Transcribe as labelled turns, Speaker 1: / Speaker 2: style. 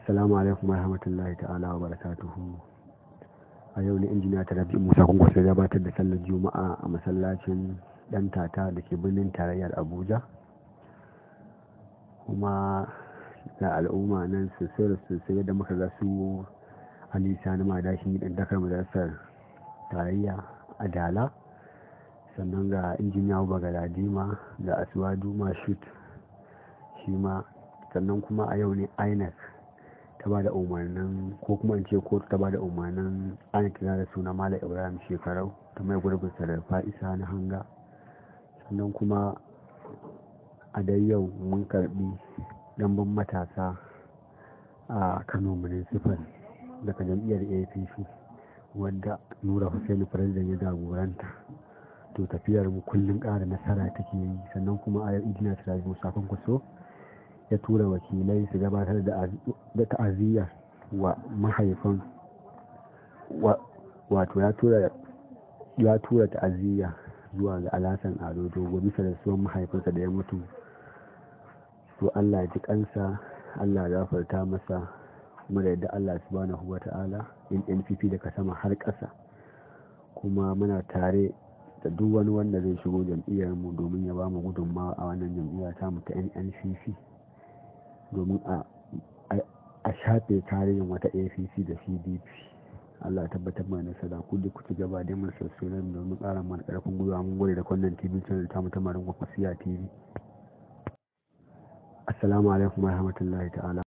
Speaker 1: assalamu alaikum wa rahmatullahi ta'ala wa barakatuhu a yau ne injiniya ta rabi musa kun kwasa gabatar da sallar juma'a a masallacin dan tata da ke birnin tarayyar abuja kuma da al'umma nan sosai da sosai yadda muka ga su alisa na madashi dan dakar madrasar tarayya a dala sannan ga injiniya bagaladima da aswadu mashut shi ma sannan kuma a yau ne inec ta ba da umarnin ko kuma in ce kotu ta ba da umarnin ana kira da suna mala ibrahim shekarau ta mai gurbin sarrafa isa na hanga sannan kuma a dai yau mun karbi ɗanban matasa a kano municipal daga jam'iyyar apc wadda nura hussein president ya jagoranta to tafiyar mu kullum ƙara nasara take yi sannan kuma a yau idina sirajin musafin kuso ya tura wakilai su gabatar da ta'aziyya wa mahaifin wato ya tura ta'aziyya zuwa ga alasan ado dogo bisa da suwan mahaifinsa da ya mutu to allah ji kansa allah gafarta masa kuma da yadda allah subhanahu wa ta'ala in npp daga sama har kasa kuma muna tare da duk wani wanda zai shigo jam'iyyar mu domin ya ba mu gudunmawa a wannan jam'iyya ta mu ta nnpp domin a shafe tarihin wata apc da cdp allah tabbatar ma da sadaku duk ku ci gaba da mun sassunan domin tsara mana ƙarfin gwiwa mun gode da kwanan tv channel ta mutum marin gwakwa tv assalamu alaikum wa rahmatullahi ta'ala